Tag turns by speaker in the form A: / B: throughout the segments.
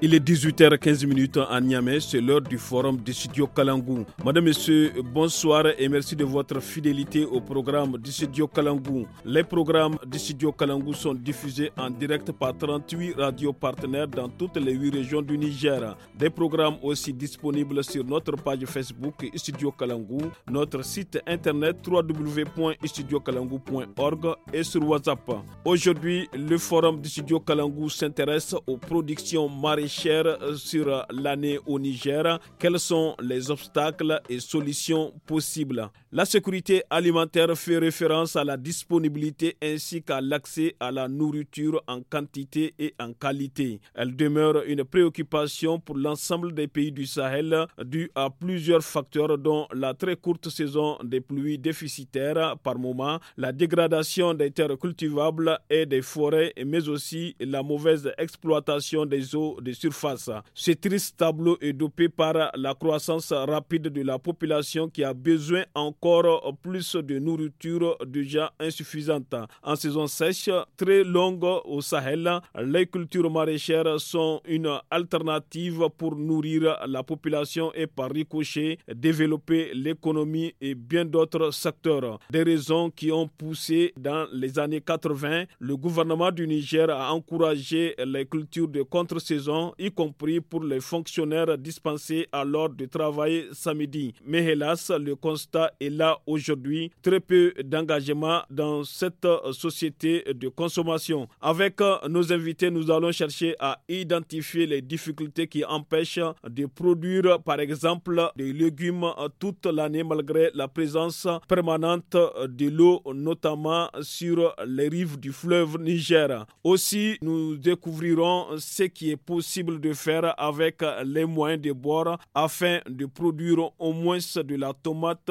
A: il est 18h15 à Niamey, c'est l'heure du forum du studio Kalangou. Madame, Monsieur, bonsoir et merci de votre fidélité au programme du studio Kalangou. Les programmes du studio Kalangou sont diffusés en direct par 38 radios partenaires dans toutes les 8 régions du Niger. Des programmes aussi disponibles sur notre page Facebook Studio Kalangou, notre site internet www.studiokalangou.org et sur WhatsApp. Aujourd'hui, le forum du studio Kalangou s'intéresse aux productions maritimes cher sur l'année au Niger. Quels sont les obstacles et solutions possibles la sécurité alimentaire fait référence à la disponibilité ainsi qu'à l'accès à la nourriture en quantité et en qualité. Elle demeure une préoccupation pour l'ensemble des pays du Sahel due à plusieurs facteurs dont la très courte saison des pluies déficitaires par moment, la dégradation des terres cultivables et des forêts, mais aussi la mauvaise exploitation des eaux de surface. Ce triste tableau est dopé par la croissance rapide de la population qui a besoin en encore plus de nourriture déjà insuffisante. En saison sèche, très longue au Sahel, les cultures maraîchères sont une alternative pour nourrir la population et par ricochet développer l'économie et bien d'autres secteurs. Des raisons qui ont poussé dans les années 80 le gouvernement du Niger a encouragé les cultures de contre-saison, y compris pour les fonctionnaires dispensés à l'ordre de travail samedi. Mais hélas, le constat est là, aujourd'hui, très peu d'engagement dans cette euh, société de consommation. Avec euh, nos invités, nous allons chercher à identifier les difficultés qui empêchent de produire, par exemple, des légumes euh, toute l'année malgré la présence permanente de l'eau, notamment sur les rives du fleuve Niger. Aussi, nous découvrirons ce qui est possible de faire avec les moyens de boire afin de produire au moins de la tomate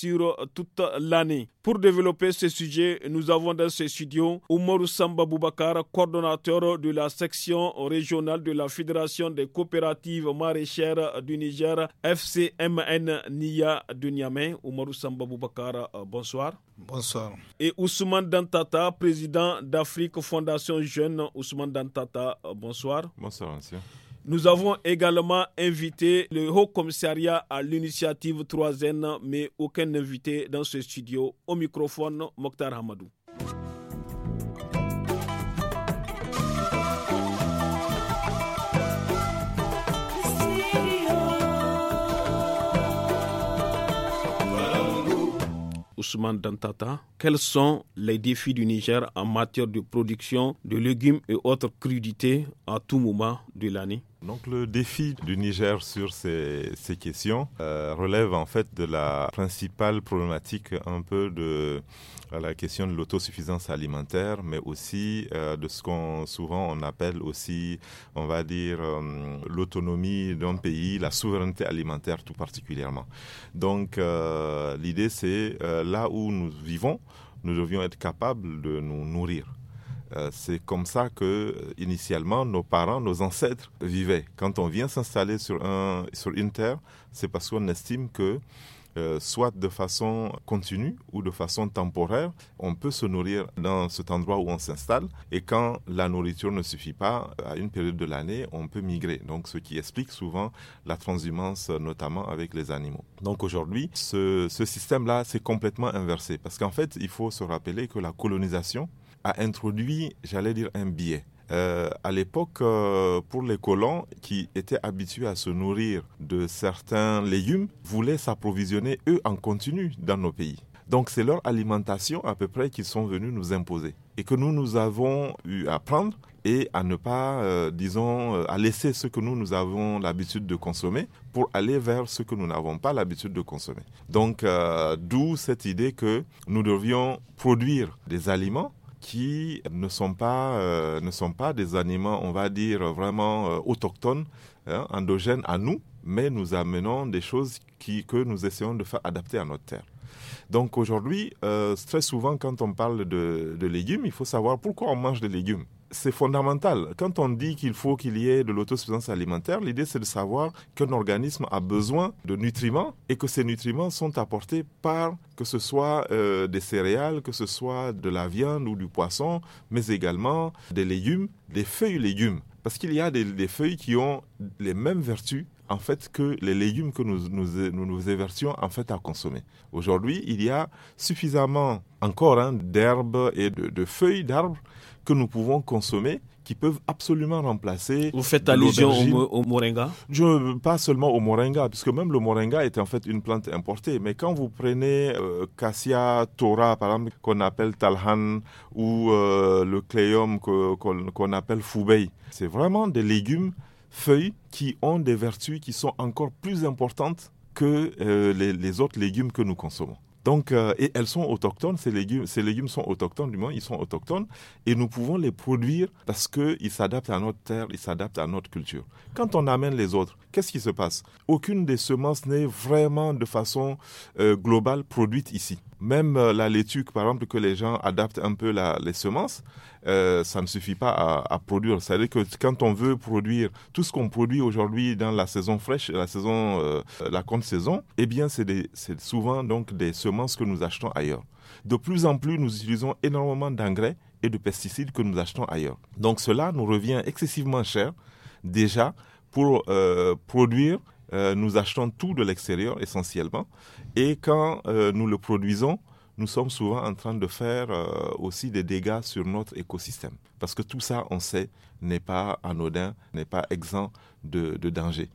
A: sur toute l'année. Pour développer ce sujet, nous avons dans ce studio Oumarou Samba Boubacar, coordonnateur de la section régionale de la Fédération des coopératives maraîchères du Niger, FCMN NIA de Niamey. Oumarou Samba Boubacar, euh, bonsoir. Bonsoir. Et Ousmane Dantata, président d'Afrique Fondation Jeune. Ousmane Dantata, euh, bonsoir. Bonsoir, monsieur. Nous avons également invité le Haut Commissariat à l'initiative 3N, mais aucun invité dans ce studio. Au microphone, Mokhtar Hamadou. Ousmane Dantata, quels sont les défis du Niger en matière de production de légumes et autres crudités à tout moment de l'année
B: donc le défi du Niger sur ces, questions euh, relève en fait de la principale problématique un peu de la question de l'autosuffisance alimentaire, mais aussi euh, de ce qu'on souvent on appelle aussi, on va dire, euh, l'autonomie d'un pays, la souveraineté alimentaire tout particulièrement. Donc l'idée c'est là où nous vivons, nous devions être capables de nous nourrir. Euh, c'est comme ça que, euh, initialement, nos parents, nos ancêtres vivaient. Quand on vient s'installer sur, un, sur une terre, c'est parce qu'on estime que, euh, soit de façon continue ou de façon temporaire, on peut se nourrir dans cet endroit où on s'installe. Et quand la nourriture ne suffit pas, à une période de l'année, on peut migrer. Donc, ce qui explique souvent la transhumance, notamment avec les animaux. Donc, aujourd'hui, ce, ce système-là, c'est complètement inversé. Parce qu'en fait, il faut se rappeler que la colonisation, a introduit, j'allais dire, un biais. Euh, à l'époque, euh, pour les colons qui étaient habitués à se nourrir de certains légumes, voulaient s'approvisionner, eux, en continu dans nos pays. Donc c'est leur alimentation à peu près qu'ils sont venus nous imposer et que nous, nous avons eu à prendre et à ne pas, euh, disons, à laisser ce que nous, nous avons l'habitude de consommer pour aller vers ce que nous n'avons pas l'habitude de consommer. Donc, d'où cette idée que nous devions produire des aliments qui ne sont pas, euh, ne sont pas des animaux, on va dire, vraiment euh, autochtones, hein, endogènes à nous, mais nous amenons des choses qui, que nous essayons de faire adapter à notre terre. Donc aujourd'hui, euh, très souvent, quand on parle de légumes, il faut savoir pourquoi on mange des légumes c'est fondamental. Quand on dit qu'il faut qu'il y ait de l'autosuffisance alimentaire, l'idée c'est de savoir qu'un organisme a besoin de nutriments et que ces nutriments sont apportés par que ce soit euh, des céréales, que ce soit de la viande ou du poisson, mais également des légumes, des feuilles légumes. Parce qu'il y a des, feuilles qui ont les mêmes vertus en fait que les légumes que nous nous, nous, évertions en fait à consommer. Aujourd'hui, il y a suffisamment encore hein, d'herbes et de feuilles d'arbres que nous pouvons consommer qui peuvent absolument remplacer.
A: Vous faites allusion au, moringa
B: Je, Pas seulement au moringa, puisque même le moringa est en fait une plante importée. Mais quand vous prenez euh, Cassia tora, par exemple, qu'on appelle talhan, ou euh, le cléum qu'on appelle foubei, c'est vraiment des légumes, feuilles, qui ont des vertus qui sont encore plus importantes que euh, les autres légumes que nous consommons. Donc, euh, et elles sont autochtones, ces légumes, sont autochtones, du moins, ils sont autochtones, et nous pouvons les produire parce qu'ils s'adaptent à notre terre, ils s'adaptent à notre culture. Quand on amène les autres, qu'est-ce qui se passe Aucune des semences n'est vraiment de façon euh, globale produite ici même euh, la laitue, par exemple, que les gens adaptent un peu la, les semences, euh, ça ne suffit pas à, produire. C'est-à-dire que quand on veut produire tout ce qu'on produit aujourd'hui dans la saison fraîche, la saison, euh, la contre-saison, eh bien, c'est souvent donc des semences que nous achetons ailleurs. De plus en plus, nous utilisons énormément d'engrais et de pesticides que nous achetons ailleurs. Donc, cela nous revient excessivement cher déjà pour produire euh, nous achetons tout de l'extérieur essentiellement. Et quand euh, nous le produisons, nous sommes souvent en train de faire euh, aussi des dégâts sur notre écosystème. Parce que tout ça, on sait, n'est pas anodin, n'est pas exempt de, danger.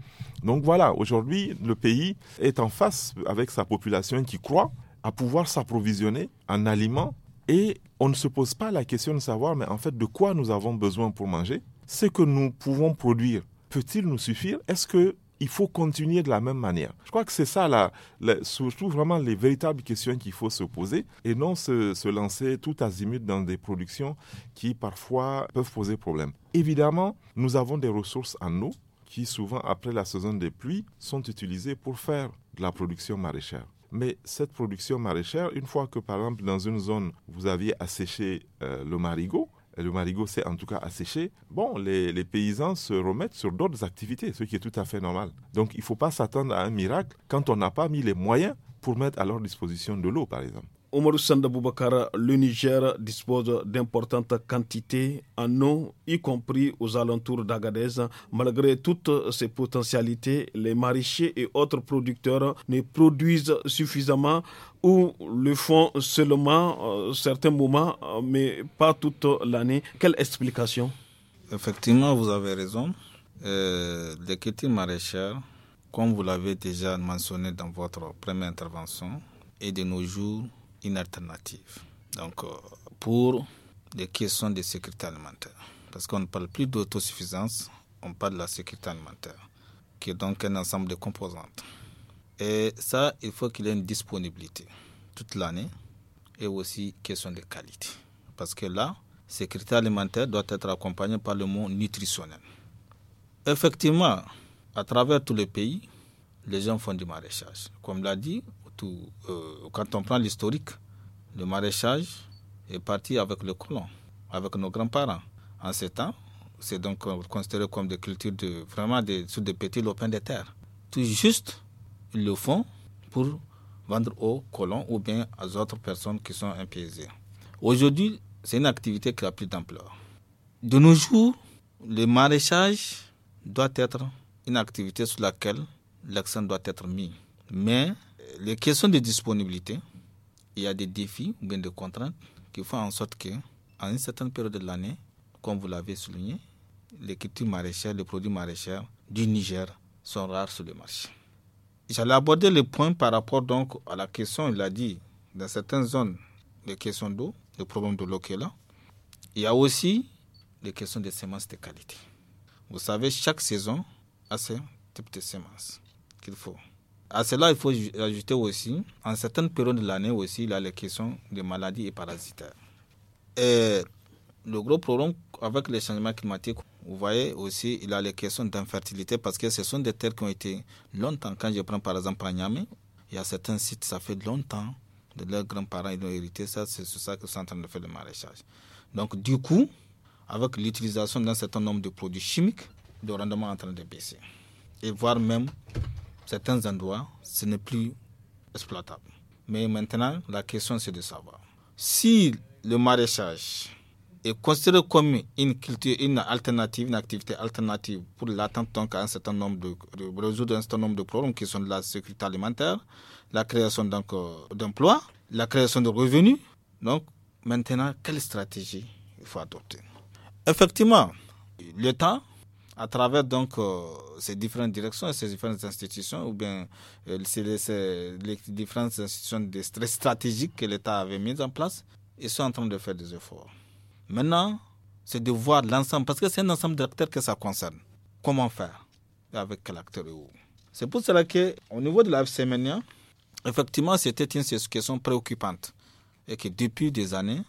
B: Donc voilà, aujourd'hui, le pays est en face avec sa population qui croit à pouvoir s'approvisionner en aliments et on ne se pose pas la question de savoir, mais en fait, de quoi nous avons besoin pour manger Ce que nous pouvons produire peut-il nous suffire Est-ce que il faut continuer de la même manière. Je crois que c'est ça, la, surtout vraiment les véritables questions qu'il faut se poser et non se, lancer tout azimut dans des productions qui parfois peuvent poser problème. Évidemment, nous avons des ressources en eau qui souvent après la saison des pluies sont utilisées pour faire de la production maraîchère. Mais cette production maraîchère, une fois que par exemple dans une zone vous aviez asséché euh, le marigot, le marigot s'est en tout cas asséché, bon, les, les paysans se remettent sur d'autres activités, ce qui est tout à fait normal. Donc il ne faut pas s'attendre à un miracle quand on n'a
A: pas mis les moyens pour mettre à leur disposition de l'eau, par exemple. Omar Boubakara, le Niger dispose d'importantes quantités en eau, y compris aux alentours d'Agadez. Malgré toutes ces potentialités, les maraîchers et autres producteurs ne produisent suffisamment ou le font seulement à euh, certains moments, euh, mais pas toute l'année. Quelle explication Effectivement, vous avez
C: raison. Euh, les critiques maraîchères, comme vous l'avez déjà mentionné dans votre première intervention, et de nos jours, une alternative. Donc, euh, pour les questions de sécurité alimentaire, parce qu'on ne parle plus d'autosuffisance, on parle de la sécurité alimentaire, qui est donc un ensemble de composantes. Et ça, il faut qu'il y ait une disponibilité toute l'année et aussi question de qualité. Parce que là, sécurité alimentaire doit être accompagnée par le mot nutritionnel. Effectivement, à travers tous les pays, les gens font du maraîchage. Comme l'a dit, euh, quand on prend l'historique, le maraîchage est parti avec le colon, avec nos grands-parents. En ces temps, c'est donc considéré comme des cultures de, vraiment des, sur des petits lopins de terre. Tout juste, ils le font pour vendre aux colons ou bien aux autres personnes qui sont impiégées. Aujourd'hui, c'est une activité qui a plus d'ampleur. De nos jours, le maraîchage doit être une activité sur laquelle l'accent doit être mis. Mais euh, les questions de disponibilité, il y a des défis ou bien des contraintes qui font en sorte que, à une certaine période de l'année, comme vous l'avez souligné, les cultures maraîchères, les produits maraîchers du Niger sont rares sur le marché. J'allais aborder le point par rapport donc à la question, il a dit, dans certaines zones, les questions d'eau, les problèmes de l'eau là. Il y a aussi les questions des semences de qualité. Vous savez, chaque saison a ses type de semences qu'il faut. À cela, il faut ajouter aussi, en certaines périodes de l'année aussi, il y a les questions de maladies et parasitaires. Et le gros problème avec les changements climatiques, vous voyez aussi, il y a les questions d'infertilité parce que ce sont des terres qui ont été longtemps. Quand je prends par exemple à il y a certains sites, ça fait longtemps de leurs grands-parents, ils ont hérité ça, c'est sur ça qu'ils sont en train de faire le maraîchage. Donc, du coup, avec l'utilisation d'un certain nombre de produits chimiques, le rendement est en train de baisser. Et voire même certains endroits, ce n'est plus exploitable. Mais maintenant, la question c'est de savoir si le maraîchage est considéré comme une culture, une alternative, une activité alternative pour l'atteinte donc à un certain nombre de, de, résoudre certain nombre de problèmes qui sont de la sécurité alimentaire, la création donc euh, d'emplois, la création de revenus. Donc maintenant, quelle stratégie il faut adopter Effectivement, l'État à travers donc euh, ces différentes directions, et ces différentes institutions, ou bien euh, les, différentes institutions de stress stratégiques que l'État avait mises en place, ils sont en train de faire des efforts. Maintenant, c'est de voir l'ensemble, parce que c'est un ensemble d'acteurs que ça concerne. Comment faire Avec quel acteur C'est pour cela qu'au niveau de la effectivement, c'était une question préoccupante. Et que depuis des années,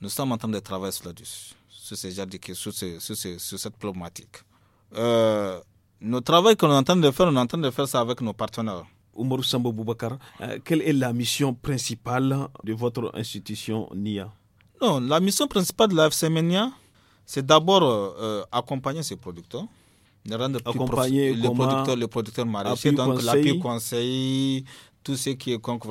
C: nous sommes en train de travailler sur, sur cette problématique
A: euh, le travail qu'on est en train de faire, on est en train de faire ça avec nos partenaires. Oumarou Sambo Boubacar, euh, quelle est la mission principale de votre institution NIA
C: Non, la mission principale de la NIA, c'est d'abord euh, euh, accompagner ses producteurs, les rendre accompagner les producteurs, les producteurs maraîchers, donc l'appui conseil, tout ce qui est donc,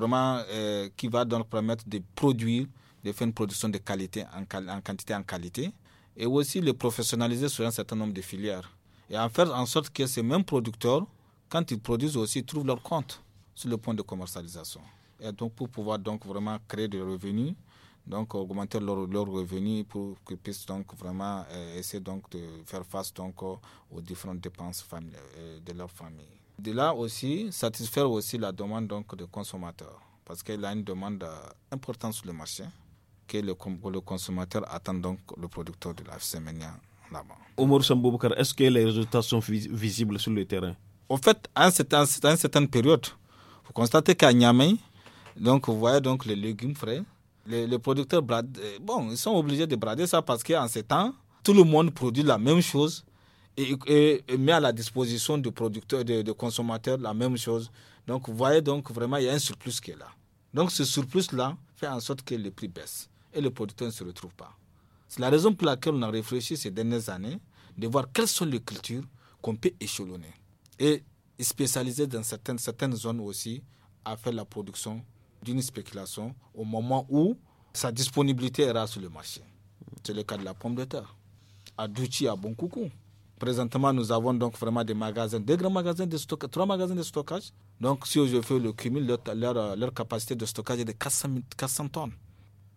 C: qui va donc permettre de produire, de faire une production de qualité, en, en quantité, en qualité, et aussi les professionnaliser sur un certain nombre de filières et en faire en sorte que ces mêmes producteurs, quand ils produisent aussi, trouvent leur compte sur le point de commercialisation. Et donc pour pouvoir donc vraiment créer des revenus, donc augmenter leurs revenus pour qu'ils puissent donc vraiment euh, essayer donc de faire face donc aux différentes dépenses euh, de leur famille. De là aussi, satisfaire aussi la demande donc des consommateurs, parce qu'il y a une demande euh, importante sur le marché que le, le consommateur attend donc le producteur de la
A: est-ce que les résultats sont visibles sur le terrain En fait, à, une certaine période, vous
C: constatez qu'à Niamey, donc, vous voyez donc les légumes frais, les, producteurs euh, bon, ils sont obligés de brader ça parce qu'en ces temps, tout le monde produit la même chose et, met à la disposition des producteurs, de consommateurs la même chose. Donc, vous voyez donc vraiment, il y a un surplus qui est là. Donc, ce surplus-là fait en sorte que les prix baissent et les producteurs ne se retrouvent pas. C'est la raison pour laquelle on a réfléchi ces dernières années de voir quelles sont les cultures qu'on peut échelonner et spécialiser dans certaines, zones aussi à faire la production d'une spéculation au moment où sa disponibilité rare sur le marché. C'est le cas de la pomme de terre. À Douchi, à Bonkoukou. Présentement, nous avons donc vraiment des magasins, des grands magasins de stockage, trois magasins de stockage. Donc, si je fais le cumul, leur, capacité de stockage est de 400 tonnes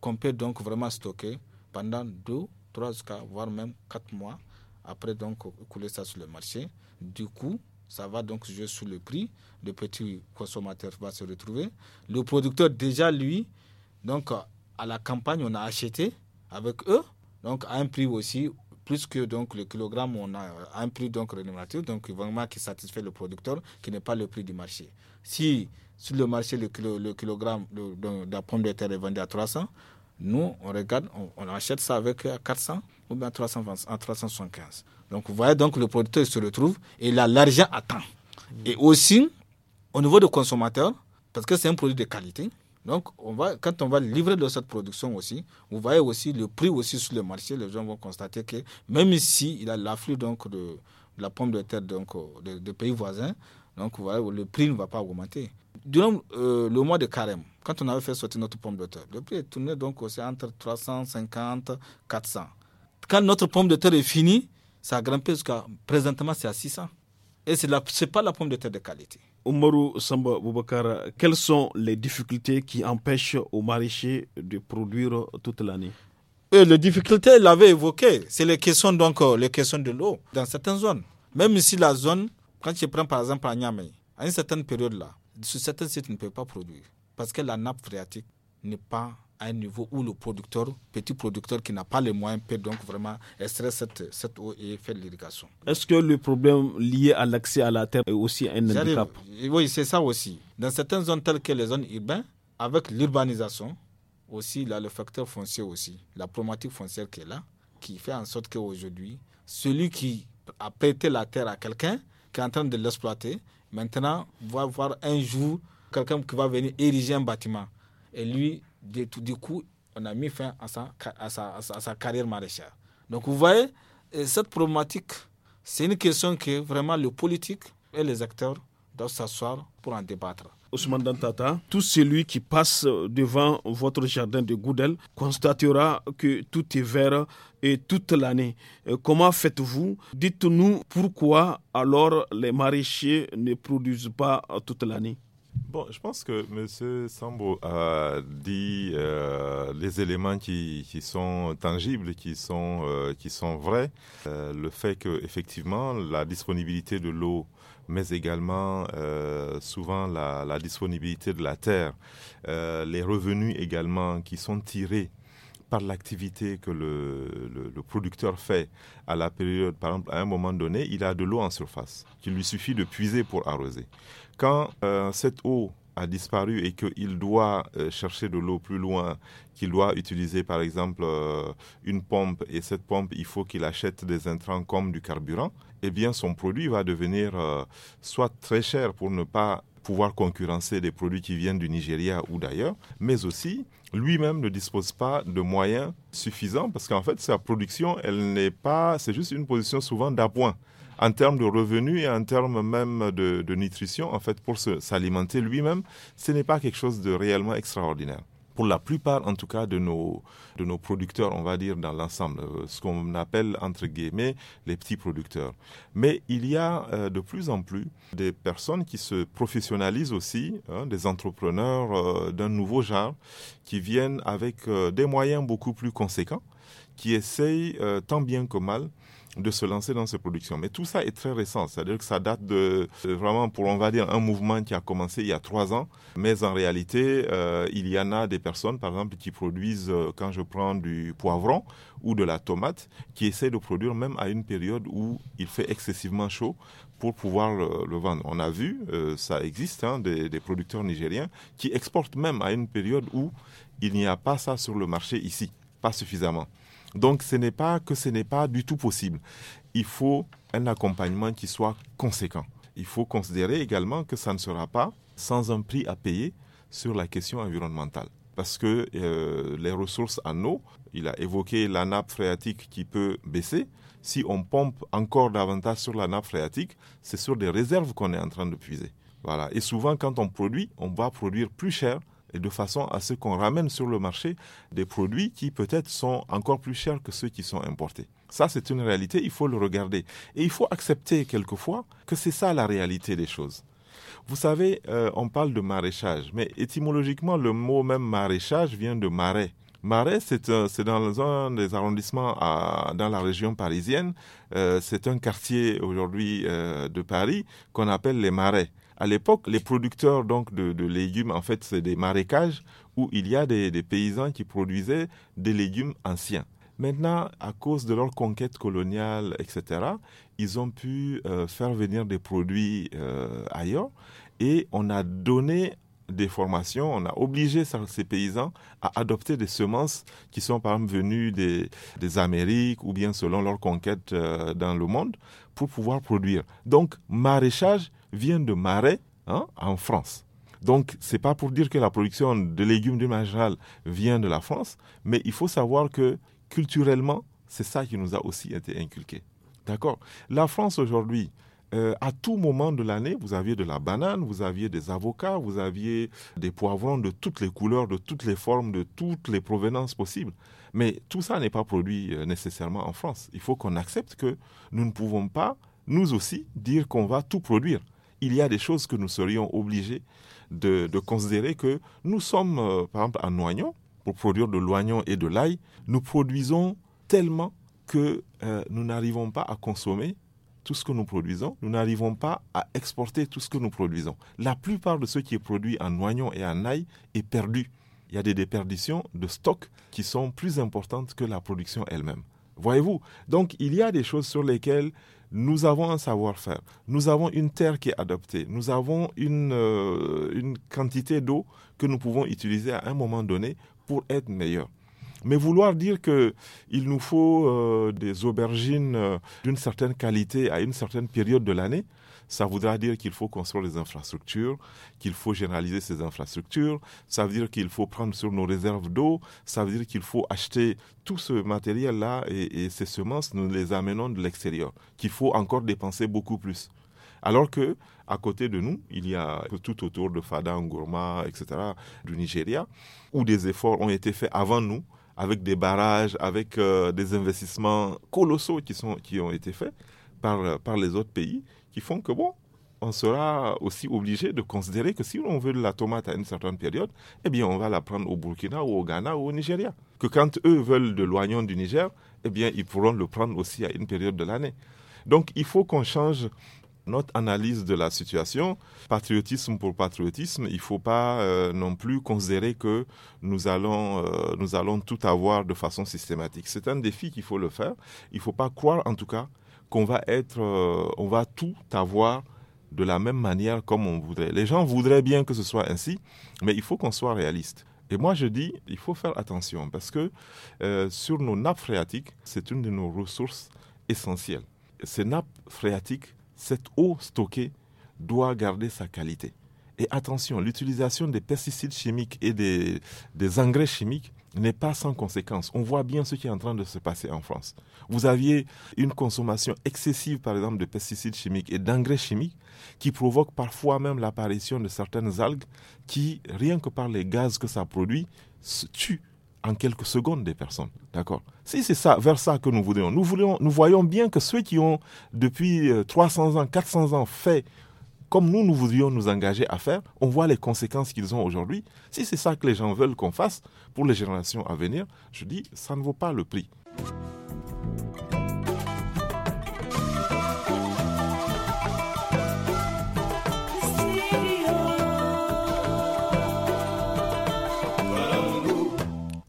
C: qu'on peut donc vraiment stocker pendant 2, 3 voire même 4 mois après donc couler ça sur le marché. Du coup, ça va donc jouer sur le prix. Le petit consommateur va se retrouver. Le producteur, déjà lui, donc à la campagne, on a acheté avec eux, donc à un prix aussi plus que donc le kilogramme, on a un prix donc rémunératif, donc vraiment qui satisfait le producteur, qui n'est pas le prix du marché. Si sur le marché le, le kilogramme de, pomme de terre est vendu à 300, nous, on regarde, on, achète ça avec 400 euh, ou bien à, à 375. Donc, vous voyez, donc, le producteur se retrouve et il a l'argent à temps. Et aussi, au niveau du consommateur, parce que c'est un produit de qualité, donc, on va, quand on va livrer de cette production aussi, vous voyez aussi le prix aussi sur le marché, les gens vont constater que même ici, il a l'afflux donc de, la pomme de terre euh, des pays voisins, donc le prix ne va pas augmenter durant euh, le mois de carême, quand on avait fait sortir notre pomme de terre, le prix est tourné donc aussi entre 350 400. Quand notre pomme de terre est finie, ça a grimpé jusqu'à présentement c'est à 600. Et ce n'est pas la pomme de terre de qualité.
A: Omaru Samba Boubacar, quelles sont les difficultés qui empêchent aux maraîchers de produire toute l'année euh, les difficultés, l'avait évoqué, c'est les questions euh, les questions de l'eau dans certaines zones.
C: Même si la zone, quand je prends par exemple à Niamey, à une certaine période là, sur certains sites, ne peut pas produire parce que la nappe phréatique n'est pas à un niveau où le producteur, petit producteur qui n'a pas les moyens, peut donc vraiment extraire cette, eau et faire l'irrigation.
A: Est-ce que le problème lié à l'accès à la terre est aussi un handicap
C: Oui, c'est ça aussi. Dans certaines zones telles que les zones urbaines, avec l'urbanisation, aussi, là, le facteur foncier aussi, la problématique foncière qui est là, qui fait en sorte qu'aujourd'hui, celui qui a prêté la terre à quelqu'un, qui est en train de l'exploiter, Maintenant, on va voir un jour quelqu'un qui va venir ériger un bâtiment. Et lui, tout du coup, on a mis fin à sa, carrière maraîchère. Donc vous voyez, euh, cette problématique, c'est une question que vraiment le politique et les acteurs doivent s'asseoir pour en débattre. Ousmane
A: Dantata, tout celui qui passe euh, devant votre jardin de Goudel constatera que tout est vert et toute l'année. Euh, comment faites-vous Dites-nous pourquoi alors les maraîchers ne produisent pas euh, toute l'année
B: Bon, je pense que M. Sambo a dit les éléments qui, sont tangibles, qui sont, qui sont vrais. le fait que effectivement la disponibilité de l'eau mais également euh, souvent la, disponibilité de la terre, euh, les revenus également qui sont tirés par l'activité que le, producteur fait à la période, par exemple, à un moment donné, il a de l'eau en surface qu'il lui suffit de puiser pour arroser. Quand euh, cette eau a disparu et qu'il doit chercher de l'eau plus loin, qu'il doit utiliser par exemple une pompe et cette pompe, il faut qu'il achète des intrants comme du carburant, eh bien son produit va devenir euh, soit très cher pour ne pas pouvoir concurrencer des produits qui viennent du Nigeria ou d'ailleurs, mais aussi lui-même ne dispose pas de moyens suffisants parce qu'en fait sa production, elle n'est pas, c'est juste une position souvent d'appoint en termes de revenus et en termes même de, de nutrition, en fait, pour s'alimenter lui-même, ce n'est pas quelque chose de réellement extraordinaire pour la plupart en tout cas de nos, producteurs, on va dire, dans l'ensemble, euh, ce qu'on appelle entre guillemets les petits producteurs. Mais il y a euh, de plus en plus des personnes qui se professionnalisent aussi, hein, des entrepreneurs euh, d'un nouveau genre, qui viennent avec des moyens beaucoup plus conséquents, qui essayent tant bien que mal de se lancer dans ces productions. Mais tout ça est très récent, c'est-à-dire que ça date de vraiment, pour on va dire, un mouvement qui a commencé il y a trois ans. Mais en réalité, euh, il y en a des personnes, par exemple, qui produisent, euh, quand je prends du poivron ou de la tomate, qui essaient de produire même à une période où il fait excessivement chaud pour pouvoir le, vendre. On a vu, euh, ça existe, hein, des producteurs nigériens qui exportent même à une période où il n'y a pas ça sur le marché ici, pas suffisamment. Donc ce n'est pas que ce n'est pas du tout possible. Il faut un accompagnement qui soit conséquent. Il faut considérer également que ça ne sera pas sans un prix à payer sur la question environnementale. Parce que euh, les ressources en eau, il a évoqué la nappe phréatique qui peut baisser. Si on pompe encore davantage sur la nappe phréatique, c'est sur des réserves qu'on est en train de puiser. Et souvent, quand on produit, on va produire plus cher et de façon à ce qu'on ramène sur le marché des produits qui peut-être sont encore plus chers que ceux qui sont importés. Ça, c'est une réalité, il faut le regarder. Et il faut accepter quelquefois que c'est ça la réalité des choses. Vous savez, euh, on parle de maraîchage, mais étymologiquement, le mot même maraîchage vient de marais. Marais, c'est dans un des arrondissements dans la région parisienne. Euh, c'est un quartier aujourd'hui euh, de Paris qu'on appelle les marais à l'époque, les producteurs donc de, légumes, en fait, c'est des marécages où il y a des, paysans qui produisaient des légumes anciens. Maintenant, à cause de leur conquête coloniale, etc., ils ont pu euh, faire venir des produits euh, ailleurs et on a donné des formations, on a obligé ces paysans à adopter des semences qui sont par exemple venues des, des Amériques ou bien selon leur conquête euh, dans le monde pour pouvoir produire. Donc maraîchage vient de Marais, hein, en France. Donc, ce n'est pas pour dire que la production de légumes du Majal vient de la France, mais il faut savoir que culturellement, c'est ça qui nous a aussi été inculqué. D'accord La France aujourd'hui, euh, à tout moment de l'année, vous aviez de la banane, vous aviez des avocats, vous aviez des poivrons de toutes les couleurs, de toutes les formes, de toutes les provenances possibles. Mais tout ça n'est pas produit euh, nécessairement en France. Il faut qu'on accepte que nous ne pouvons pas, nous aussi, dire qu'on va tout produire il y a des choses que nous serions obligés de, considérer que nous sommes, euh, par exemple, en noignon, pour produire de l'oignon et de l'ail, nous produisons tellement que euh, nous n'arrivons pas à consommer tout ce que nous produisons, nous n'arrivons pas à exporter tout ce que nous produisons. La plupart de ce qui est produit en noignon et en ail est perdu. Il y a des déperditions de stocks qui sont plus importantes que la production elle-même. Voyez-vous Donc, il y a des choses sur lesquelles nous avons un savoir-faire. Nous avons une terre qui est adoptée. Nous avons une, euh, quantité d'eau que nous pouvons utiliser à un moment donné pour être meilleurs. Mais vouloir dire qu'il nous faut euh, des aubergines euh, d'une certaine qualité à une certaine période de l'année, ça voudra dire qu'il faut construire des infrastructures, qu'il faut généraliser ces infrastructures, ça veut dire qu'il faut prendre sur nos réserves d'eau, ça veut dire qu'il faut acheter tout ce matériel-là et, ces semences, nous les amenons de l'extérieur, qu'il faut encore dépenser beaucoup plus. Alors que, à côté de nous, il y a tout autour de Fada, Ngourma, etc., du Nigeria, où des efforts ont été faits avant nous, avec des barrages, avec euh, des investissements colossaux qui, sont, qui ont été faits par, par les autres pays qui font que, bon, on sera aussi obligé de considérer que si on veut de la tomate à une certaine période, eh bien, on va la prendre au Burkina ou au Ghana ou au Nigeria. Que quand eux veulent de l'oignon du Niger, eh bien, ils pourront le prendre aussi à une période de l'année. Donc, il faut qu'on change notre analyse de la situation. Patriotisme pour patriotisme, il ne faut pas euh, non plus considérer que nous allons, euh, nous allons tout avoir de façon systématique. C'est un défi qu'il faut le faire. Il ne faut pas croire, en tout cas, qu'on va être, euh, on va tout avoir de la même manière comme on voudrait. Les gens voudraient bien que ce soit ainsi, mais il faut qu'on soit réaliste. Et moi, je dis, il faut faire attention parce que euh, sur nos nappes phréatiques, c'est une de nos ressources essentielles. Ces nappes phréatiques, cette eau stockée doit garder sa qualité. Et attention, l'utilisation des pesticides chimiques et des engrais chimiques n'est pas sans conséquence. On voit bien ce qui est en train de se passer en France. Vous aviez une consommation excessive, par exemple, de pesticides chimiques et d'engrais chimiques qui provoque parfois même l'apparition de certaines algues qui, rien que par les gaz que ça produit, se tuent en quelques secondes des personnes. D'accord Si c'est ça, vers ça que nous voulions. Nous, voulons, nous voyons bien que ceux qui ont, depuis 300 euh, ans, 400 ans, fait comme nous, nous voulions nous engager à faire, on voit les conséquences qu'ils ont aujourd'hui. Si c'est ça que les gens veulent qu'on fasse pour les générations à venir, je dis, ça ne vaut pas le prix.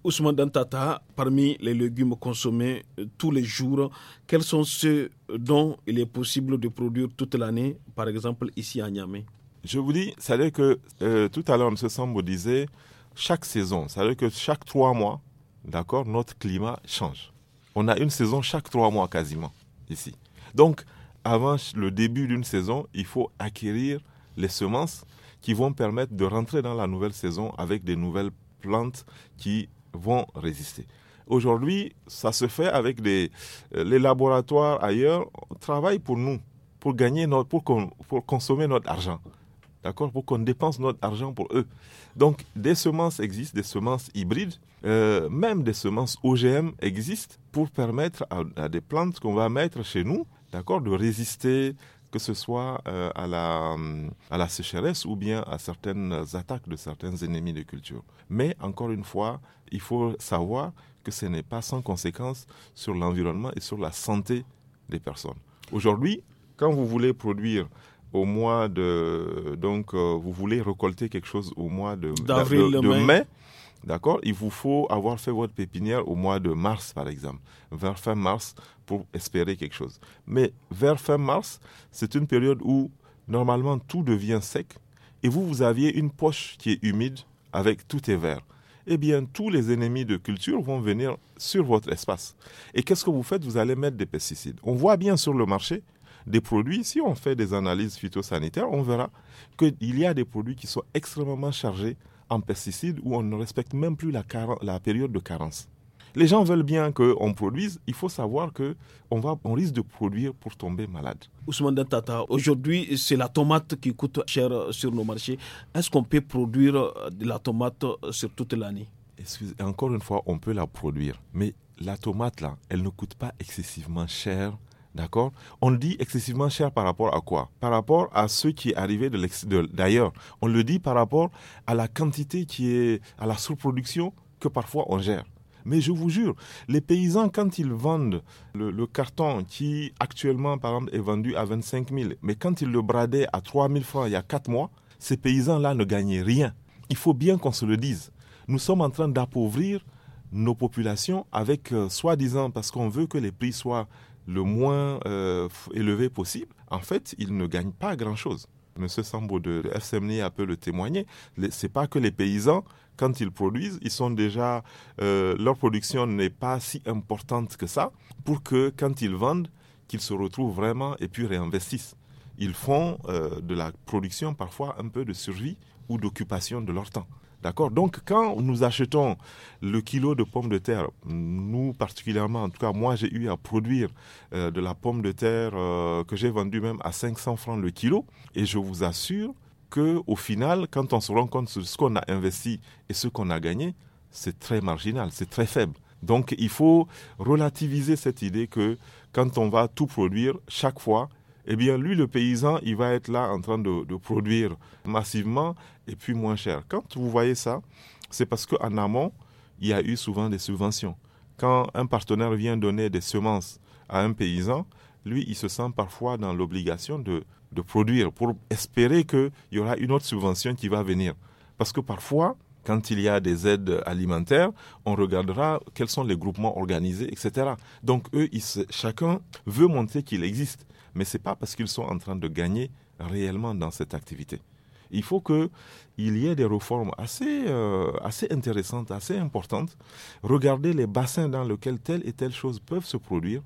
A: Ousmane Dantata, parmi les légumes consommés euh, tous les jours, quels sont ceux dont il est possible de produire toute l'année, par exemple ici à Niamey Je vous dis, c'est-à-dire que euh, tout à l'heure, M.
B: Sambo disait chaque saison, c'est-à-dire que chaque trois mois, d'accord, notre climat change. On a une saison chaque trois mois quasiment ici. Donc, avant le début d'une saison, il faut acquérir les semences qui vont permettre de rentrer dans la nouvelle saison avec des nouvelles plantes qui vont résister. Aujourd'hui, ça se fait avec les, euh, les laboratoires ailleurs, on travaille pour nous, pour gagner notre, pour, pour consommer notre argent. D'accord Pour qu'on dépense notre argent pour eux. Donc, des semences existent, des semences hybrides, euh, même des semences OGM existent pour permettre à, à des plantes qu'on va mettre chez nous, d'accord, de résister que ce soit euh, à, la, à la sécheresse ou bien à certaines attaques de certains ennemis de culture. Mais encore une fois, il faut savoir que ce n'est pas sans conséquence sur l'environnement et sur la santé des personnes. Aujourd'hui, quand vous voulez produire au mois de donc euh, vous voulez récolter quelque chose au mois de d'avril de, mai, mai d'accord il vous faut avoir fait votre pépinière au mois de mars par exemple vers fin mars pour espérer quelque chose. Mais vers fin mars, c'est une période où normalement tout devient sec et vous, vous aviez une poche qui est humide avec tout est vert. Eh bien, tous les ennemis de culture vont venir sur votre espace. Et qu'est-ce que vous faites Vous allez mettre des pesticides. On voit bien sur le marché des produits, si on fait des analyses phytosanitaires, on verra qu'il y a des produits qui sont extrêmement chargés en pesticides où on ne respecte même plus la, la période de carence. Les gens veulent bien
A: qu'on produise, il faut savoir qu'on on risque de produire pour tomber malade. Ousmane Dantata, aujourd'hui, c'est la tomate qui coûte cher sur nos marchés. Est-ce qu'on peut produire euh, de la tomate euh, sur toute l'année
B: Encore une fois, on peut la produire. Mais la tomate, là, elle ne coûte pas excessivement cher D'accord On le dit excessivement cher par rapport à quoi Par rapport à ce qui est arrivé d'ailleurs. On le dit par rapport à la quantité qui est, à la surproduction que parfois on gère. Mais je vous jure, les paysans, quand ils vendent le, carton qui actuellement, par exemple, est vendu à 25 000, mais quand ils le bradaient à 3 000 francs il y a 4 mois, ces paysans-là ne gagnaient rien. Il faut bien qu'on se le dise. Nous sommes en train d'appauvrir nos populations avec euh, soi-disant, parce qu'on veut que les prix soient le moins euh, élevés possible, en fait, ils ne gagnent pas grand-chose. M. Sambo de, de a peut le témoigner, n'est pas que les paysans quand ils produisent, ils sont déjà euh, leur production n'est pas si importante que ça pour que quand ils vendent, qu'ils se retrouvent vraiment et puis réinvestissent. Ils font euh, de la production parfois un peu de survie ou d'occupation de leur temps. D'accord Donc, quand nous achetons le kilo de pommes de terre, nous particulièrement, en tout cas, moi, j'ai eu à produire euh, de la pomme de terre euh, que j'ai vendue même à 500 francs le kilo. Et je vous assure que au final, quand on se rend compte de ce qu'on a investi et ce qu'on a gagné, c'est très marginal, c'est très faible. Donc, il faut relativiser cette idée que quand on va tout produire, chaque fois, eh bien lui, le paysan, il va être là en train de, produire massivement et puis moins cher. Quand vous voyez ça, c'est parce qu'en amont, il y a eu souvent des subventions. Quand un partenaire vient donner des semences à un paysan, lui, il se sent parfois dans l'obligation de, produire pour espérer qu'il y aura une autre subvention qui va venir. Parce que parfois, quand il y a des aides alimentaires, on regardera quels sont les groupements organisés, etc. Donc eux, chacun veut montrer qu'il existe mais ce n'est pas parce qu'ils sont en train de gagner réellement dans cette activité. Il faut qu'il y ait des réformes assez, euh, assez intéressantes, assez importantes. Regardez les bassins dans lesquels telle et telle chose peuvent se produire,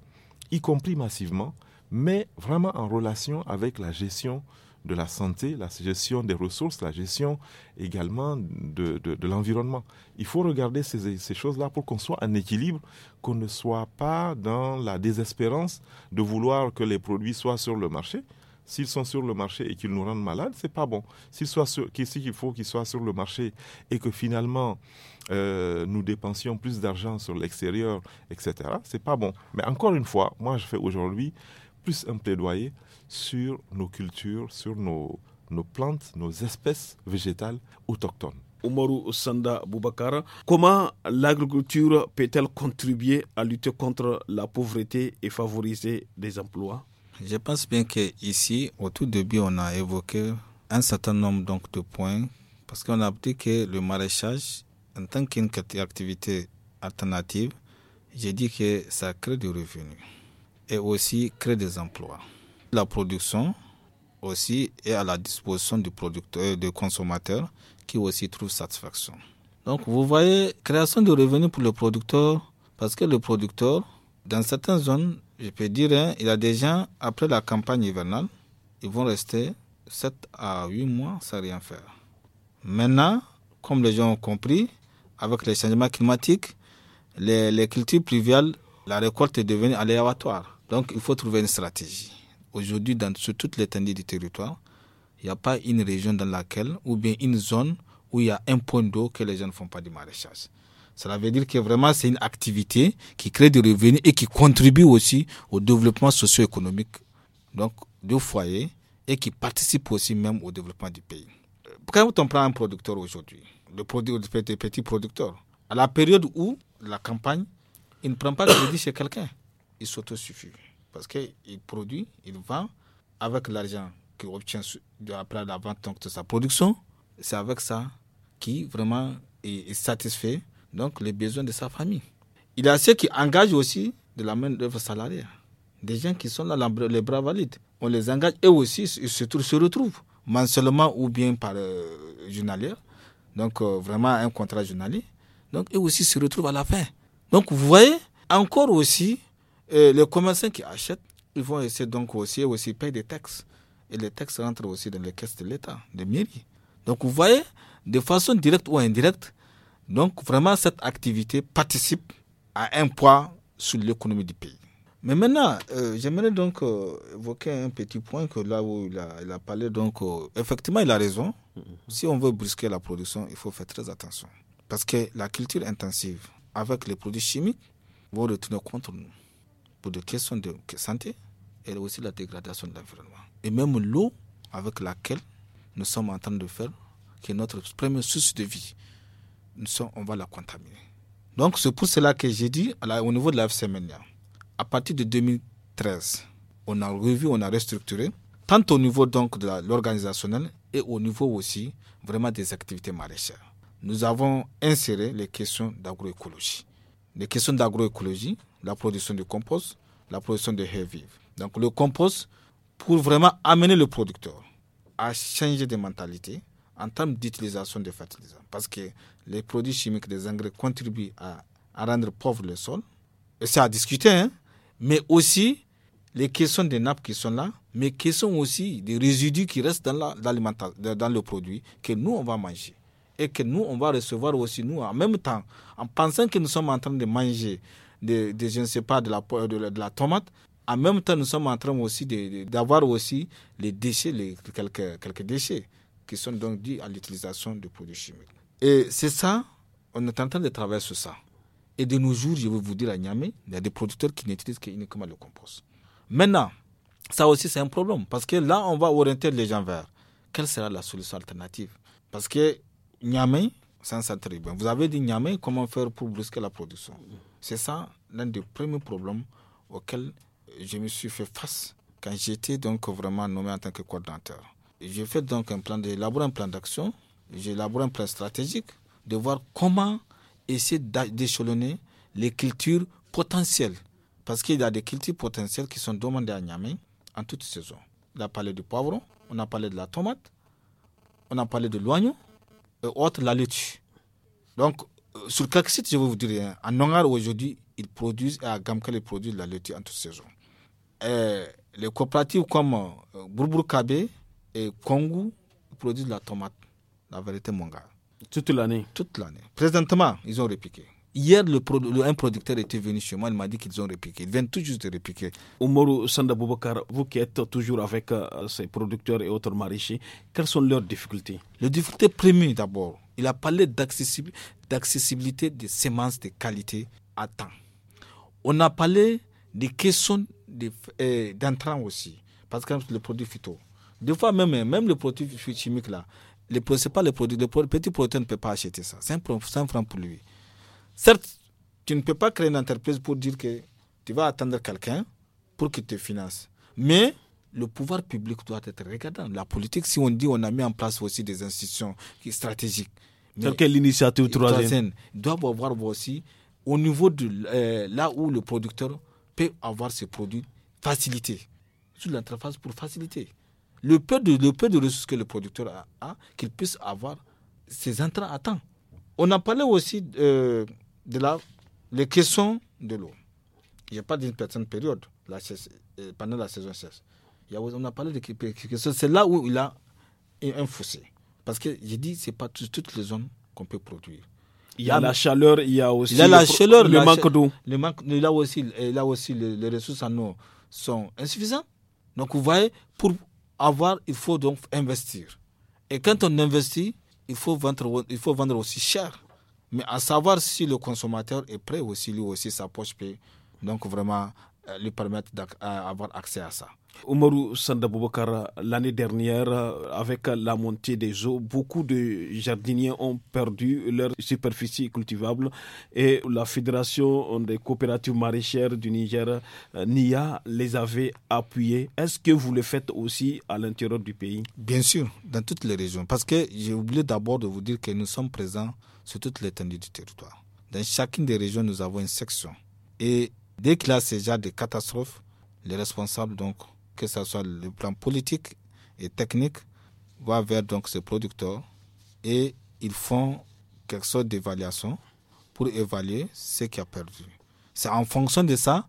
B: y compris massivement, mais vraiment en relation avec la gestion de la santé, la gestion des ressources, la gestion également de, l'environnement. Il faut regarder ces, choses-là pour qu'on soit en équilibre, qu'on ne soit pas dans la désespérance de vouloir que les produits soient sur le marché. S'ils sont sur le marché et qu'ils nous rendent malades, c'est pas bon. S'il qu'il faut qu'ils soient sur le marché et que finalement euh, nous dépensions plus d'argent sur l'extérieur, etc., c'est pas bon. Mais encore une fois, moi je fais aujourd'hui plus un plaidoyer sur nos cultures, sur nos, plantes, nos espèces végétales autochtones.
A: Omaru Sanda Boubakara, comment l'agriculture peut-elle contribuer à lutter contre la pauvreté et favoriser des emplois
C: Je pense bien
A: qu'ici,
C: au tout début, on a évoqué un certain nombre de points, parce qu'on a dit que le maraîchage, en tant qu'une activité alternative, j'ai dit que ça crée du revenu et aussi crée des emplois la production aussi est à la disposition du producteur, du consommateur qui aussi trouve satisfaction. Donc vous voyez, création de revenus pour le producteur, parce que le producteur, dans certaines zones, je peux dire, hein, il y a des gens, après la campagne hivernale, ils vont rester 7 à 8 mois sans rien faire. Maintenant, comme les gens ont compris, avec les changements climatiques, les, les cultures pluviales, la récolte est devenue aléatoire. Donc il faut trouver une stratégie. Aujourd'hui, sur toute l'étendue du territoire, il n'y a pas une région dans laquelle, ou bien une zone où il y a un point d'eau que les gens ne font pas du maraîchage. Cela veut dire que vraiment c'est une activité qui crée des revenus et qui contribue aussi au développement socio-économique donc du foyer et qui participe aussi même au développement du pays. Quand on prend un producteur aujourd'hui, le produit des petits producteurs, à la période où la campagne, il ne prend pas de crédit chez quelqu'un, il s'autosuffit. Parce qu'il produit, il vend avec l'argent qu'il obtient après la vente donc, de sa production. C'est avec ça qui vraiment est, satisfait donc les besoins de sa famille. Il y a ceux qui engagent aussi de la main-d'œuvre salariée. Des gens qui sont là, les bras valides. On les engage, et aussi, ils se, retrouvent mensuellement ou bien par euh, journalier. Donc, euh, vraiment un contrat journalier. Donc, eux aussi se retrouvent à la fin. Donc, vous voyez, encore aussi, les commerçants qui achètent, ils vont essayer donc aussi, aussi payer des taxes. Et les taxes rentrent aussi dans les caisses de l'État, des mairies. Donc vous voyez, de façon directe ou indirecte, donc vraiment cette activité participe à un poids sur l'économie du pays. Mais maintenant, euh, j'aimerais donc euh, évoquer un petit point que là où il a, parlé, donc euh, effectivement, il a raison. Mm-hmm. Si on veut brusquer la production, il faut faire très attention. Parce que la culture intensive avec les produits chimiques vont retourner contre nous pour des questions de santé et aussi la dégradation de l'environnement. Et même l'eau avec laquelle nous sommes en train de faire, qui est notre première source de vie, nous on va la contaminer. Donc c'est pour cela que j'ai dit au niveau de la FCMNIA, à partir de 2013, on a revu, on a restructuré, tant au niveau donc de l'organisationnel et au niveau aussi vraiment des activités maraîchères. Nous avons inséré les questions d'agroécologie les questions d'agroécologie, la production de compost, la production de herbes vives. Donc le compost, pour vraiment amener le producteur à changer de mentalité en termes d'utilisation des fertilisants. Parce que les produits chimiques des engrais contribuent à, rendre pauvre le sol. Et c'est à discuter, hein? mais aussi les questions des nappes qui sont là, mais qui sont aussi des résidus qui restent dans, dans le produit que nous, on va manger et que nous, on va recevoir aussi, nous, en même temps, en pensant que nous sommes en train de manger, de, je ne sais pas, de la, de la, tomate, en même temps, nous sommes en train aussi d'avoir aussi les déchets, les, quelques, quelques déchets qui sont donc dus à l'utilisation de produits chimiques. Et c'est ça, on est en train de travailler sur ça. Et de nos jours, je vais vous dire à Niamey, il y a des producteurs qui n'utilisent qu'uniquement le compost. Maintenant, ça aussi c'est un problème parce que là, on va orienter les gens vers quelle sera la solution alternative. Parce que Niamey sans sa Vous avez dit Niamey, comment faire pour brusquer la production C'est ça l'un des premiers problèmes auxquels je me suis fait face quand j'étais donc vraiment nommé en tant que coordinateur. J'ai fait donc un plan, un plan d'action, j'ai élaboré un plan stratégique de voir comment essayer d'échelonner les cultures potentielles. Parce qu'il y a des cultures potentielles qui sont demandées à Niamey en toute saison. On a parlé du poivron, on a parlé de la tomate, on a parlé de l'oignon, et euh, autres, la laitue. Donc, euh, sur quelques sites, je vais vous dire, hein, en aujourd'hui, ils produisent, et à Gamka, ils produisent la laitue en toute saison. Et les coopératives comme euh, et Kongu produisent la tomate, la variété Mongar. Toute l'année Toute l'année. Présentement, ils ont répliqué. Hier, le, un producteur était venu chez moi, il
A: m'a dit qu'ils ont répliqué. Ils viennent tout juste de répliquer. vous qui êtes toujours avec euh, ces producteurs et autres maraîchers, quelles sont leurs difficultés Les difficultés premières d'abord. Il
C: a parlé d'accessibilité des semences de qualité à temps. On a parlé des questions euh, d'entrants aussi, parce que le produit phyto. Des fois, même, hein, même le produit chimique là, les, pas les produits, le petit producteur ne peut pas acheter ça. C'est un franc pour lui. Certes, tu ne peux pas créer une entreprise pour dire que tu vas attendre quelqu'un pour qu'il te finance. Mais le pouvoir public doit être regardant. La politique, si on dit on a mis en place aussi des institutions stratégiques.
A: Telle que l'initiative troisième.
C: doit avoir aussi, au niveau de euh, là où le producteur peut avoir ses produits, facilité. Sur l'interface pour faciliter. Le peu, de, le peu de ressources que le producteur a, qu'il puisse avoir ses entrants à temps. On a parlé aussi de la, les questions de l'eau. Il n'y a pas d'une certaine période la, euh, pendant la saison sèche. on a parlé de questions. C'est là où il a un fossé. Parce que j'ai dit, ce n'est pas toutes les zones qu'on peut produire. Il y a, la, chaleur, il y a aussi le, manque d'eau. Le manque, là aussi, là aussi les, les ressources en eau sont insuffisantes. Donc vous voyez, pour avoir, il faut donc investir. Et quand on investit, il faut vendre, il faut vendre aussi cher mais à savoir si le consommateur est prêt aussi, lui aussi, sa poche peut donc vraiment euh, lui permettre d'avoir euh, accès à ça.
A: Omarou Sandaboubakar, l'année dernière, avec la montée des eaux, beaucoup de jardiniers ont perdu leur superficie cultivable et la Fédération des coopératives maraîchères du Niger, euh, NIA, les avait appuyés. Est-ce que vous le faites aussi à l'intérieur du pays Bien sûr, dans toutes les régions. Parce que j'ai oublié d'abord de vous dire que nous sommes
C: présents sur toute l'étendue du territoire. Dans chacune des régions, nous avons une section. Et dès qu'il y a ce genre de catastrophe, les responsables, donc, que ce soit le plan politique et technique, vont vers donc ces producteurs et ils font quelque sorte d'évaluation pour évaluer ce qui a perdu. C'est en fonction de ça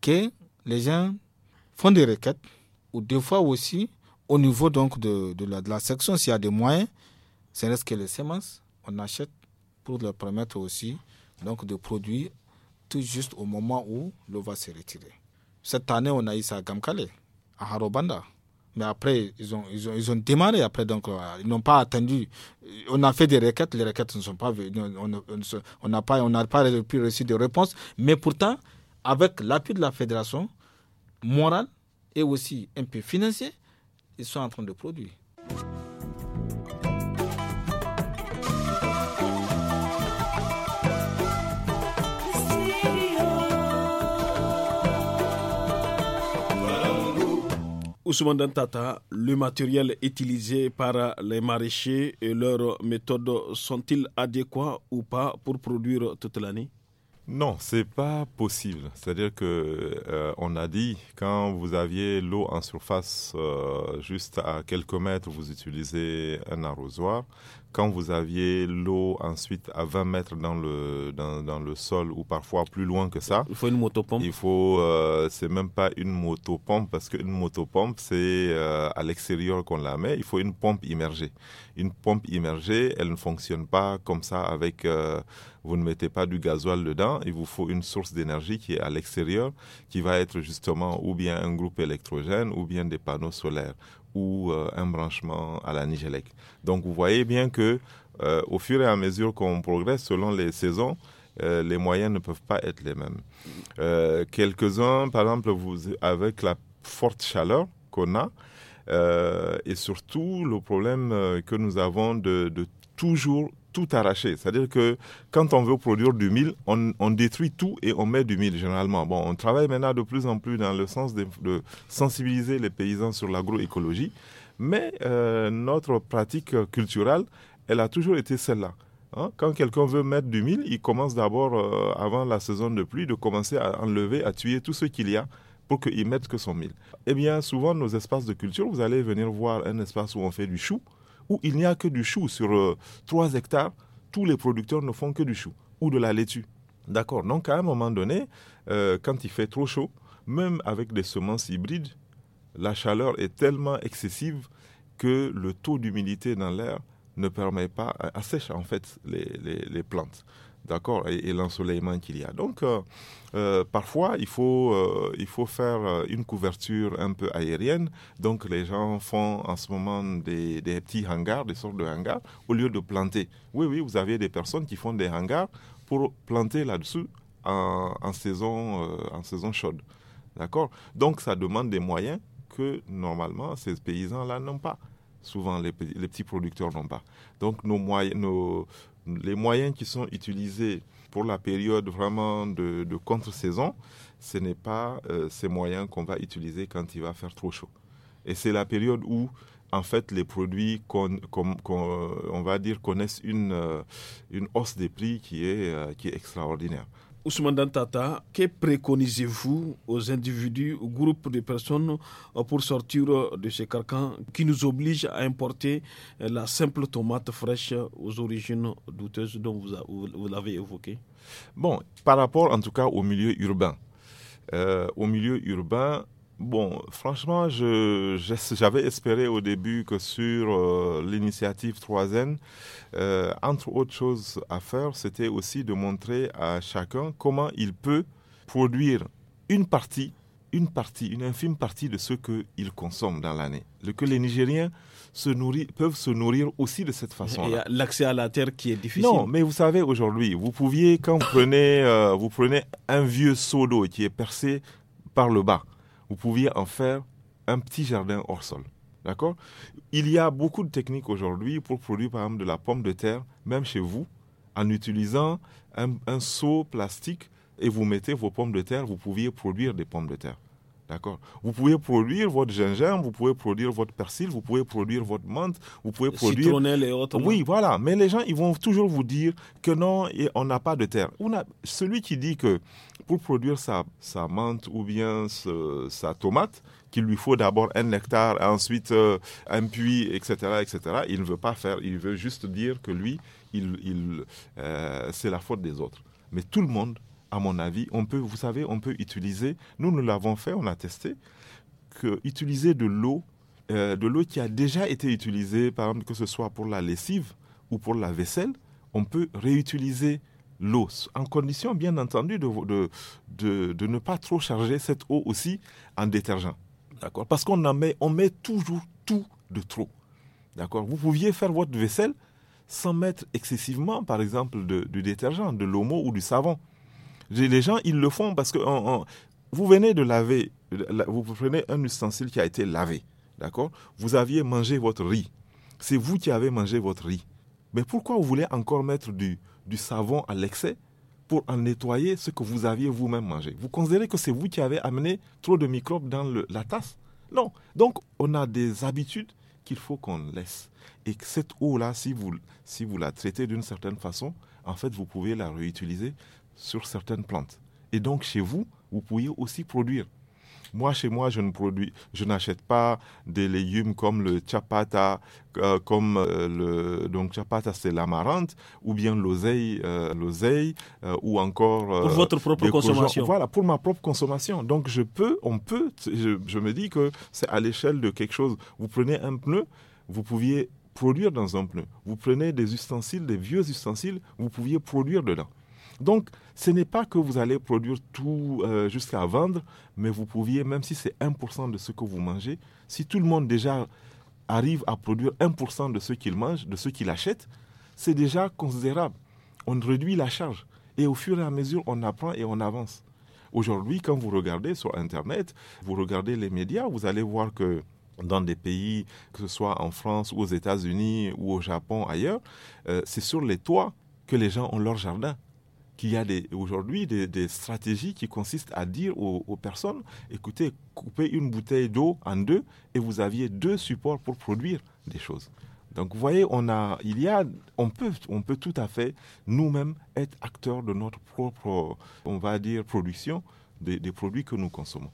C: que les gens font des requêtes ou des fois aussi au niveau donc de, la, section s'il y a des moyens, c'est reste que les semences, on achète pour leur permettre aussi donc, de produire tout juste au moment où l'eau va se retirer. Cette année, on a eu ça à Gamkale, à Harobanda. Mais après, ils ont, ils ont, démarré après, donc euh, ils n'ont pas attendu. On a fait des requêtes, les requêtes ne sont pas On n'a pas, on pas pu reçu de réponse. Mais pourtant, avec l'appui de la fédération, morale et aussi un peu financier, ils sont en train de produire.
A: Ousmane Dantata, le matériel utilisé par les maraîchers et leurs méthodes sont-ils adéquats ou pas pour produire toute l'année
B: non, ce n'est pas possible. C'est-à-dire qu'on euh, a dit quand vous aviez l'eau en surface euh, juste à quelques mètres, vous utilisez un arrosoir quand vous aviez l'eau ensuite à 20 mètres dans le, dans, le sol ou parfois plus loin que ça. Il faut une motopompe. Il faut, euh, c'est même pas une motopompe parce qu'une motopompe, c'est euh, à l'extérieur qu'on la met. Il faut une pompe immergée. Une pompe immergée, elle ne fonctionne pas comme ça avec, euh, vous ne mettez pas du gasoil dedans. Il vous faut une source d'énergie qui est à l'extérieur, qui va être justement ou bien un groupe électrogène ou bien des panneaux solaires ou euh, un branchement à la Nigélec. Donc vous voyez bien que euh, au fur et à mesure qu'on progresse selon les saisons, euh, les moyens ne peuvent pas être les mêmes. Quelques-uns, par exemple, vous, avec la forte chaleur qu'on a, et surtout le problème que nous avons de, de toujours tout arracher. C'est-à-dire que quand on veut produire du mil, on, détruit tout et on met du mille, généralement. Bon, on travaille maintenant de plus en plus dans le sens de, sensibiliser les paysans sur l'agroécologie, mais euh, notre pratique culturelle, elle a toujours été celle-là. Hein? Quand quelqu'un veut mettre du mil, il commence d'abord, euh, avant la saison de pluie, de commencer à enlever, à tuer tout ce qu'il y a pour qu'il mette que son mil. Eh bien, souvent, nos espaces de culture, vous allez venir voir un espace où on fait du chou, où il n'y a que du chou sur 3 euh, hectares, tous les producteurs ne font que du chou ou de la laitue. D'accord Donc à un moment donné, euh, quand il fait trop chaud, même avec des semences hybrides, la chaleur est tellement excessive que le taux d'humidité dans l'air ne permet pas, euh, assèche en fait les plantes d'accord, et, l'ensoleillement qu'il y a. Donc, euh, euh, parfois, il faut, euh, il faut faire une couverture un peu aérienne. Donc, les gens font en ce moment des, petits hangars, des sortes de hangars, au lieu de planter. Oui, oui, vous avez des personnes qui font des hangars pour planter là-dessus en, saison, en saison chaude. D'accord Donc, ça demande des moyens que, normalement, ces paysans-là n'ont pas souvent les, les, petits producteurs n'ont pas. Donc nos moyens, nos, les moyens qui sont utilisés pour la période vraiment de, contre-saison, ce n'est pas euh, ces moyens qu'on va utiliser quand il va faire trop chaud. Et c'est la période où, en fait, les produits connaissent euh, une, hausse des prix qui est euh, extraordinaire.
A: Ousmane Dantata, que préconisez-vous aux individus, aux groupes de personnes euh, pour sortir euh, de ce carcan qui nous oblige à importer euh, la simple tomate fraîche aux origines douteuses dont vous, l'avez évoqué Bon, par rapport en tout cas au milieu urbain.
B: au milieu urbain, Bon, franchement, j'avais espéré au début que sur euh, l'initiative 3N, euh, entre autres choses à faire, c'était aussi de montrer à chacun comment il peut produire une partie, une partie, une infime partie de ce qu'il consomme dans l'année. Que les Nigériens se peuvent se nourrir aussi de cette façon. -là.
A: L'accès à la terre qui est
B: difficile. Non, mais vous savez, aujourd'hui, vous pouviez, quand prenez, euh, vous prenez un vieux seau d'eau qui est percé par le bas, vous pouviez en faire un petit jardin hors sol. D'accord Il y a beaucoup de techniques aujourd'hui pour produire par exemple de la pomme de terre, même chez vous, en utilisant un, un seau plastique et vous mettez vos pommes de terre, vous pouviez produire des pommes de terre. D'accord Vous pouvez produire votre gingembre, vous pouvez produire votre persil, vous pouvez produire votre menthe, vous pouvez produire. Citronnelle et autres. Oui, voilà. Mais les gens, ils vont toujours vous dire que non, on n'a pas de terre. On a... Celui qui dit que pour produire sa, sa menthe ou bien sa tomate, qu'il lui faut d'abord un hectare, ensuite euh, un puits, etc., etc. Il ne veut pas faire, il veut juste dire que lui, il, euh, c'est la faute des autres. Mais tout le monde, à mon avis, on peut, vous savez, on peut utiliser, nous, nous l'avons fait, on a testé, que utiliser de l'eau, euh, de l'eau qui a déjà été utilisée, par exemple, que ce soit pour la lessive ou pour la vaisselle, on peut réutiliser l'eau, en condition bien entendu de, de, ne pas trop charger cette eau aussi en détergent. D'accord Parce qu'on en met, on met toujours tout de trop. D'accord Vous pouviez faire votre vaisselle sans mettre excessivement, par exemple, du détergent, de l'homo ou du savon. Les gens, ils le font parce que vous venez de laver, vous prenez un ustensile qui a été lavé. D'accord Vous aviez mangé votre riz. C'est vous qui avez mangé votre riz. Mais pourquoi vous voulez encore mettre du, du savon à l'excès pour en nettoyer ce que vous aviez vous-même mangé. Vous considérez que c'est vous qui avez amené trop de microbes dans la tasse Non. Donc, on a des habitudes qu'il faut qu'on laisse. Et cette eau-là, si vous, si vous la traitez d'une certaine façon, en fait, vous pouvez la réutiliser sur certaines plantes. Et donc, chez vous, vous pourriez aussi produire moi, chez moi, je ne produis, je n'achète pas des légumes comme le chapata, euh, comme euh, le donc chapata c'est l'amarante ou bien l'oseille, euh, l'oseille ou encore pour votre propre consommation. Voilà, pour ma propre consommation. Donc je peux, on peut, je, je me dis que c'est à l'échelle de quelque chose. Vous prenez un pneu, vous pouviez produire dans un pneu. Vous prenez des ustensiles, des vieux ustensiles, vous pouviez produire dedans. Donc, ce n'est pas que vous allez produire tout euh, jusqu'à vendre, mais vous pouviez, même si c'est 1% de ce que vous mangez, si tout le monde déjà arrive à produire 1% de ce qu'il mange, de ce qu'il achète, c'est déjà considérable. On réduit la charge. Et au fur et à mesure, on apprend et on avance. Aujourd'hui, quand vous regardez sur Internet, vous regardez les médias, vous allez voir que dans des pays, que ce soit en France ou aux États-Unis ou au Japon, ailleurs, euh, c'est sur les toits que les gens ont leur jardin qu'il y a aujourd'hui des, stratégies qui consistent à dire aux, personnes, écoutez, coupez une bouteille d'eau en deux et vous aviez deux supports pour produire des choses. Donc vous voyez, on, a, il y a, on, peut, on peut tout à fait nous-mêmes être acteurs de notre propre, on va dire, production des, produits que nous consommons.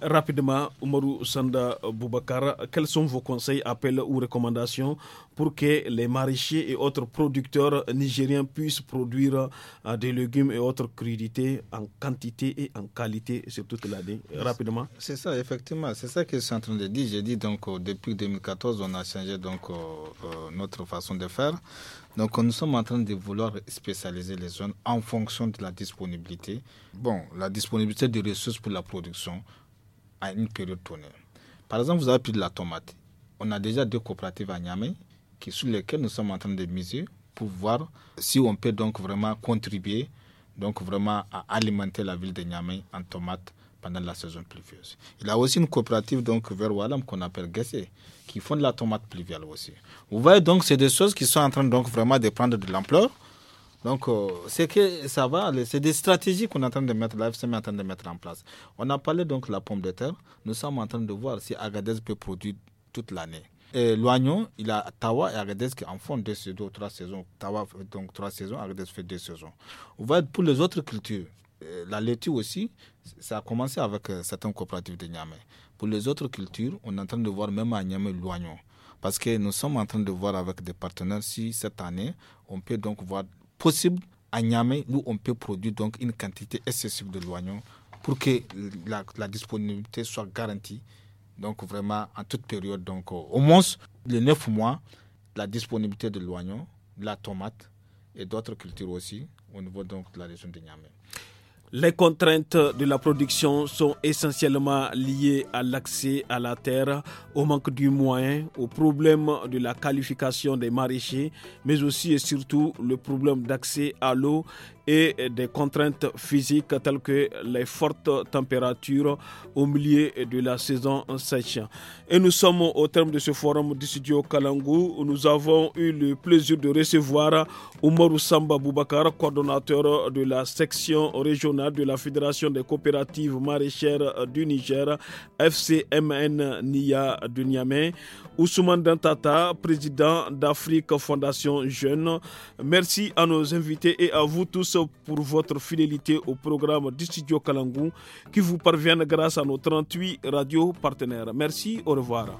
A: Rapidement, Oumarou Sanda Boubacar, quels sont vos conseils, appels ou recommandations pour que les maraîchers et autres producteurs nigériens puissent produire euh, des légumes et autres crudités en quantité et en qualité sur toute l'année Rapidement.
C: C'est ça, effectivement. C'est ça que je suis en train de dire. J'ai dit donc euh, depuis 2014, on a changé donc euh, notre façon de faire. Donc nous sommes en train de vouloir spécialiser les zones en fonction de la disponibilité. Bon, la disponibilité des ressources pour la production à une période donnée. Par exemple, vous avez pris de la tomate. On a déjà deux coopératives à Niamey qui, sur lesquelles nous sommes en train de miser pour voir si on peut donc vraiment contribuer donc vraiment à alimenter la ville de Niamey en tomates pendant la saison pluvieuse. Il a aussi une coopérative donc vers Oualam qu'on appelle Gessé, qui font de la tomate pluviale aussi. Vous voyez donc, c'est des choses qui sont en train donc vraiment de prendre de l'ampleur. Donc, euh, c'est que ça va, c'est des stratégies qu'on est en train de mettre, la est en train de mettre en place. On a parlé donc de la pomme de terre. Nous sommes en train de voir si Agadez peut produire toute l'année. Et Loignon, il a Tawa et Agadez qui en font deux ou trois saisons. Tawa fait donc trois saisons, Agadez fait deux saisons. Vous voyez, pour les autres cultures. Euh, la laitue aussi, ça a commencé avec euh, certaines coopératives de Niamey. Pour les autres cultures, on est en train de voir même à Niamey l'oignon. Parce que nous sommes en train de voir avec des partenaires si cette année, on peut donc voir possible à Niamey, nous, on peut produire donc une quantité excessive de l'oignon pour que la, disponibilité soit garantie. Donc vraiment, en toute période, donc euh, au moins les 9 mois, la disponibilité de l'oignon, la tomate et d'autres cultures aussi au niveau donc de la région de Niamey.
A: Les contraintes de la production sont essentiellement liées à l'accès à la terre, au manque du moyens, au problème de la qualification des maraîchers, mais aussi et surtout le problème d'accès à l'eau et des contraintes physiques telles que les fortes températures au milieu de la saison sèche. Et nous sommes au terme de ce forum du studio Kalangou. Où nous avons eu le plaisir de recevoir Oumarou Samba Boubakar, coordonnateur de la section régionale de la Fédération des coopératives maraîchères du Niger, FCMN NIA de Niamey. Ousmane Dantata, président d'Afrique Fondation Jeune. Merci à nos invités et à vous tous pour votre fidélité au programme du studio Kalangou qui vous parvient grâce à nos 38 radios partenaires. Merci, au revoir.